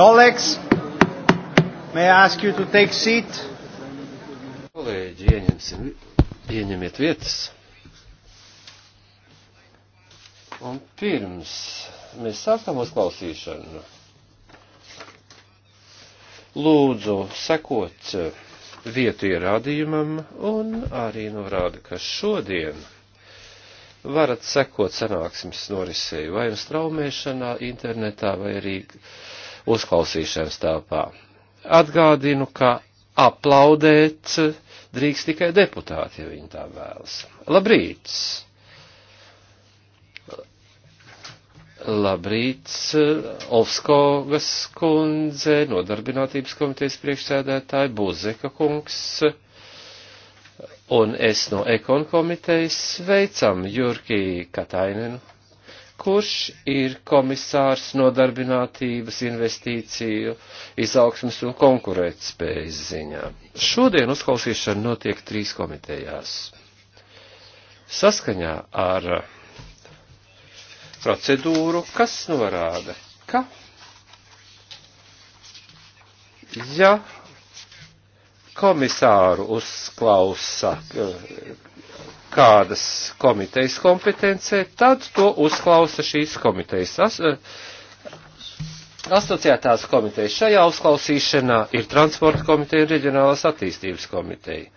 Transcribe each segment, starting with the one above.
Colleagues, may I ask you to take seat? Kolēģi, ieņemsim, ieņemiet vietas. Un pirms mēs sākam uzklausīšanu, lūdzu sekot vietu ierādījumam un arī norāda, ka šodien varat sekot sanāksmes norisei vai un straumēšanā internetā vai arī uzklausīšanas telpā. Atgādinu, ka aplaudēt drīkst tikai deputāti, ja viņi tā vēlas. Labrīt! Labrīt, Olskogas kundze, nodarbinātības komitejas priekšsēdētāji, Buzeka kungs un es no Ekon komitejas sveicam Jurki Katainenu kurš ir komisārs nodarbinātības investīciju izaugsmas un konkurētspējas ziņā. Šodien uzklausīšana notiek trīs komitejās. Saskaņā ar procedūru, kas norāda, ka ja komisāru uzklausa kādas komitejas kompetencē, tad to uzklausa šīs komitejas. As, eh, asociētās komitejas šajā uzklausīšanā ir transporta komiteja un reģionālās attīstības komiteja.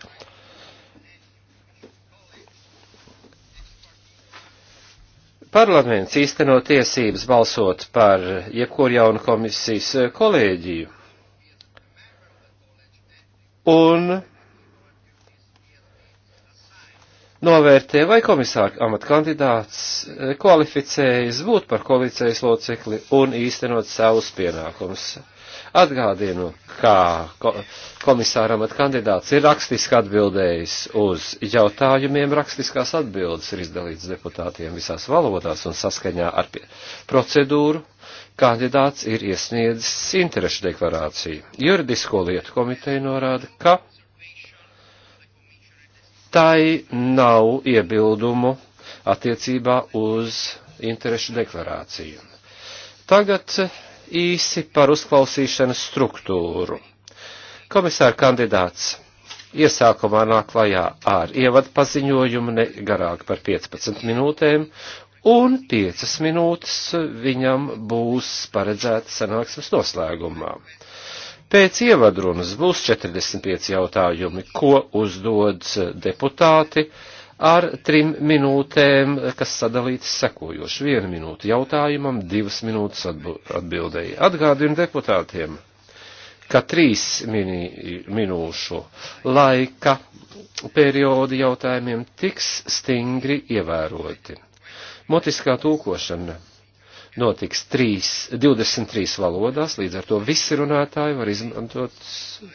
Parlaments īsteno tiesības balsot par jebkuru jaunu komisijas eh, kolēģiju. Un novērtē, vai komisāra amata kandidāts eh, kvalificējas būt par koalīcijas locekli un īstenot savus pienākumus. Atgādinu, kā komisāra amata kandidāts ir rakstiski atbildējis uz jautājumiem, rakstiskās atbildes ir izdalīts deputātiem visās valodās un saskaņā ar procedūru kandidāts ir iesniedzis interešu deklarāciju. Juridisko lietu komiteja norāda, ka tai nav iebildumu attiecībā uz interešu deklarāciju. Tagad īsi par uzklausīšanas struktūru. Komisāra kandidāts iesākumā nāk klajā ar ievadpaziņojumu ne garāk par 15 minūtēm, un 5 minūtes viņam būs paredzēta sanāksmes noslēgumā. Pēc ievadrunas būs 45 jautājumi, ko uzdod deputāti ar trim minūtēm, kas sadalītas sekojoši. Viena minūte jautājumam, divas minūtes atbildēji. Atgādinu deputātiem, ka trīs mini, minūšu laika periodi jautājumiem tiks stingri ievēroti. Motiskā tūkošana notiks 3, 23 valodās, līdz ar to visi runātāji var izmantot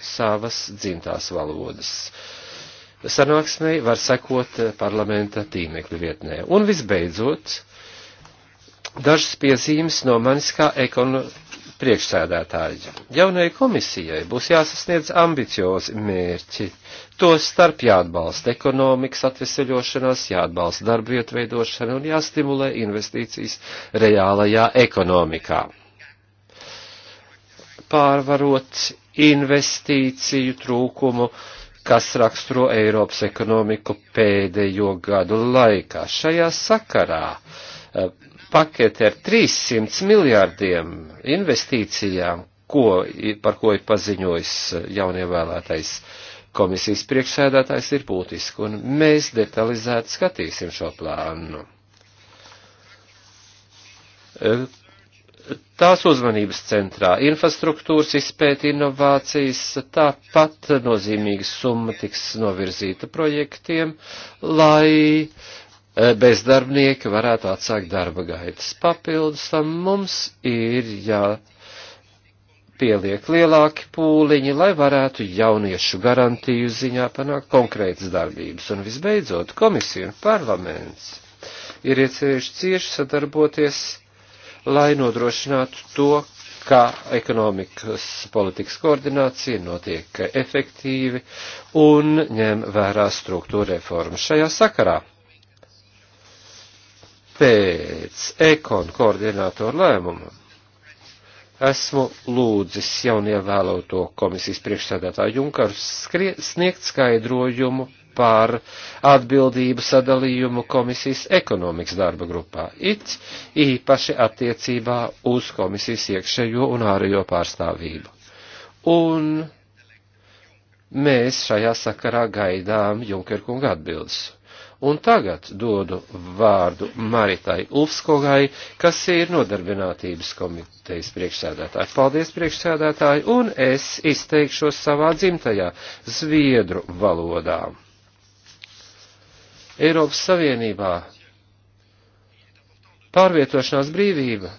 savas dzimtās valodas. Sanāksmei var sekot parlamenta tīmekļu vietnē. Un visbeidzot, dažas piezīmes no manis kā ekonomikas priekšsēdētāji. Jaunajai komisijai būs jāsasniedz ambiciozi mērķi. To starp jāatbalsta ekonomikas atveseļošanās, jāatbalsta darba vietu veidošana un jāstimulē investīcijas reālajā ekonomikā. Pārvarot investīciju trūkumu, kas raksturo Eiropas ekonomiku pēdējo gadu laikā. Šajā sakarā eh, paketi ar 300 miljārdiem investīcijām, ko, par ko ir paziņojis e, jaunievēlētais komisijas priekšsēdētājs, ir būtiski, un mēs detalizēti skatīsim šo plānu. E, tās uzmanības centrā infrastruktūras izpēta inovācijas, tāpat nozīmīga summa tiks novirzīta projektiem, lai Eh, bezdarbnieki varētu atsākt darba gaitas. Papildus tam mums ir jāpieliek ja lielāki pūliņi, lai varētu jauniešu garantiju ziņā panākt konkrētas darbības. Un visbeidzot, komisija un parlaments ir iecerējuši cieši sadarboties, lai nodrošinātu to, ka ekonomikas politikas koordinācija notiek efektīvi un ņem vērā struktūra reformas šajā sakarā pēc ekonu koordinātoru lēmuma esmu lūdzis jaunievēloto komisijas priekšsēdētāju Junkaru sniegt skaidrojumu par atbildību sadalījumu komisijas ekonomikas darba grupā, it īpaši attiecībā uz komisijas iekšējo un ārējo pārstāvību. Un mēs šajā sakarā gaidām Junkerkunga atbildes. Un tagad dodu vārdu Maritai Ulfskogai, kas ir nodarbinātības komitejas priekšsēdētāja. Paldies, priekšsēdētāji, un es izteikšos savā dzimtajā zviedru valodā. Eiropas Savienībā pārvietošanās brīvība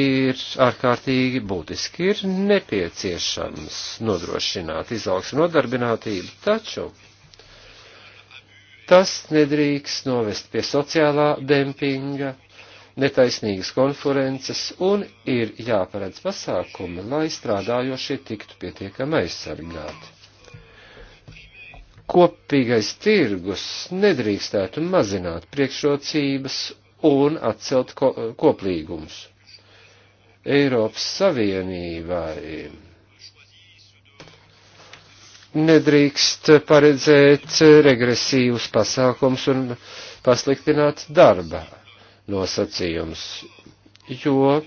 ir ārkārtīgi būtiski, ir nepieciešams nodrošināt izaugsmu nodarbinātību, taču Tas nedrīkst novest pie sociālā dempinga, netaisnīgas konferences un ir jāparedz pasākumi, lai strādājošie tiktu pietiekami aizsargāti kopīgais tirgus nedrīkstētu mazināt priekšrocības un atcelt ko koplīgumus. Eiropas Savienībai nedrīkst paredzēt regresīvus pasākums un pasliktināt darba nosacījums, jo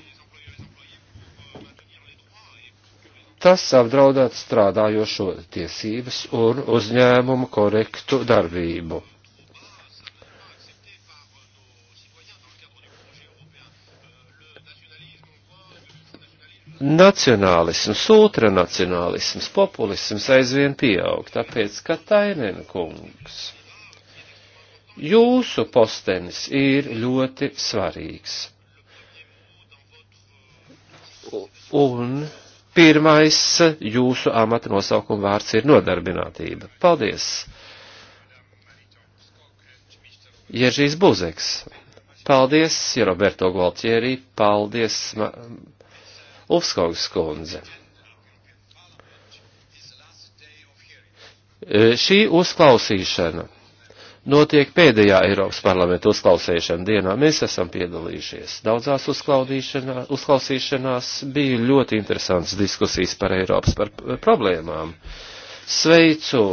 tas apdraudētu strādājošo tiesības un uzņēmumu korektu darbību. nacionālisms, ultranacionālisms, populisms aizvien pieaug, tāpēc, ka Tainēna kungs, jūsu postenis ir ļoti svarīgs. Un pirmais jūsu amata nosaukuma vārds ir nodarbinātība. Paldies! Jeržīs Buzeks. Paldies, Roberto Gualtieri. Paldies. Ma Ulfskogs kundze. E, šī uzklausīšana notiek pēdējā Eiropas parlamenta uzklausīšana dienā. Mēs esam piedalījušies daudzās uzklausīšanās, bija ļoti interesants diskusijas par Eiropas par problēmām. Sveicu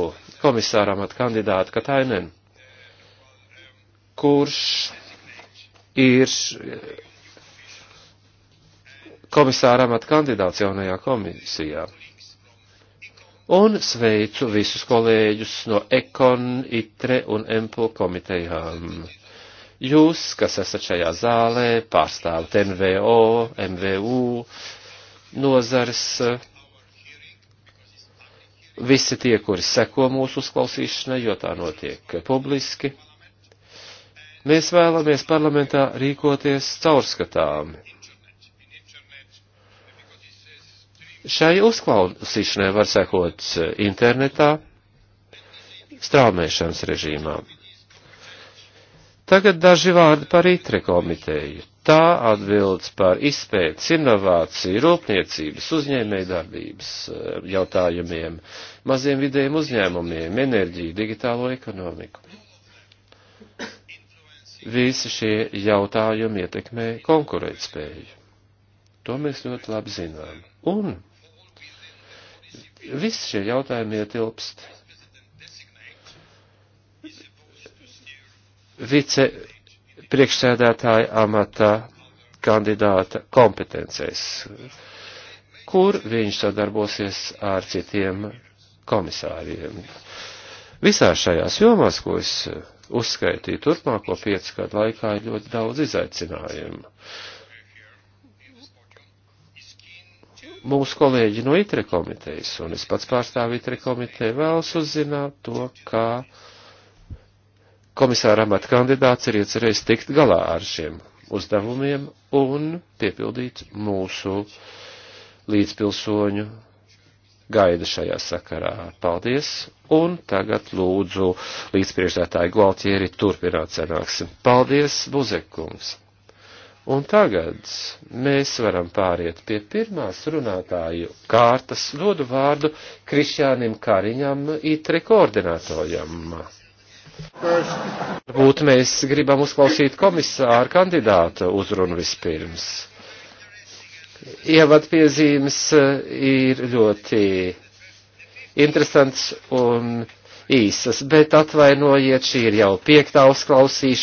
komisāram at kandidātu Katainen, kurš ir komisāra amata kandidāts jaunajā komisijā. Un sveicu visus kolēģus no Ekon, ITRE un EMPL komitejām. Jūs, kas esat šajā zālē, pārstāvat NVO, MVU, nozares, visi tie, kuri seko mūsu uzklausīšanai, jo tā notiek publiski. Mēs vēlamies parlamentā rīkoties caurskatāmi Šai uzklausīšanai var sekot e, internetā, straumēšanas režīmā. Tagad daži vārdi par itre komiteju. Tā atbildes par izpētes, inovāciju, rūpniecības, uzņēmēju darbības e, jautājumiem, maziem vidējiem uzņēmumiem, enerģiju, digitālo ekonomiku. Visi šie jautājumi ietekmē konkurētspēju. To mēs ļoti labi zinām. Un Viss šie jautājumi ietilpst vice priekšsēdētāja amatā kandidāta kompetencēs, kur viņš sadarbosies ar citiem komisāriem. Visās šajās jomās, ko es uzskaitīju turpmāko piecu gadu laikā, ir ļoti daudz izaicinājumu. mūsu kolēģi no ITRE komitejas, un es pats pārstāvu ITRE komiteju, vēlas uzzināt to, kā komisāra amata kandidāts ir iecerējis tikt galā ar šiem uzdevumiem un piepildīt mūsu līdzpilsoņu gaida šajā sakarā. Paldies! Un tagad lūdzu līdzpriekšētāju Gualtieri turpināt sanāksim. Paldies, Buzekungs! Un tagad mēs varam pāriet pie pirmās runātāju kārtas. Dodu vārdu Krišjānim Kariņam, IT koordinatoram. Varbūt mēs gribam uzklausīt komisāru kandidātu uzrunu vispirms. Ievadpiezīmes eh, ir ļoti interesants un īsas, bet atvainojiet, šī ir jau piektā uzklausīšana.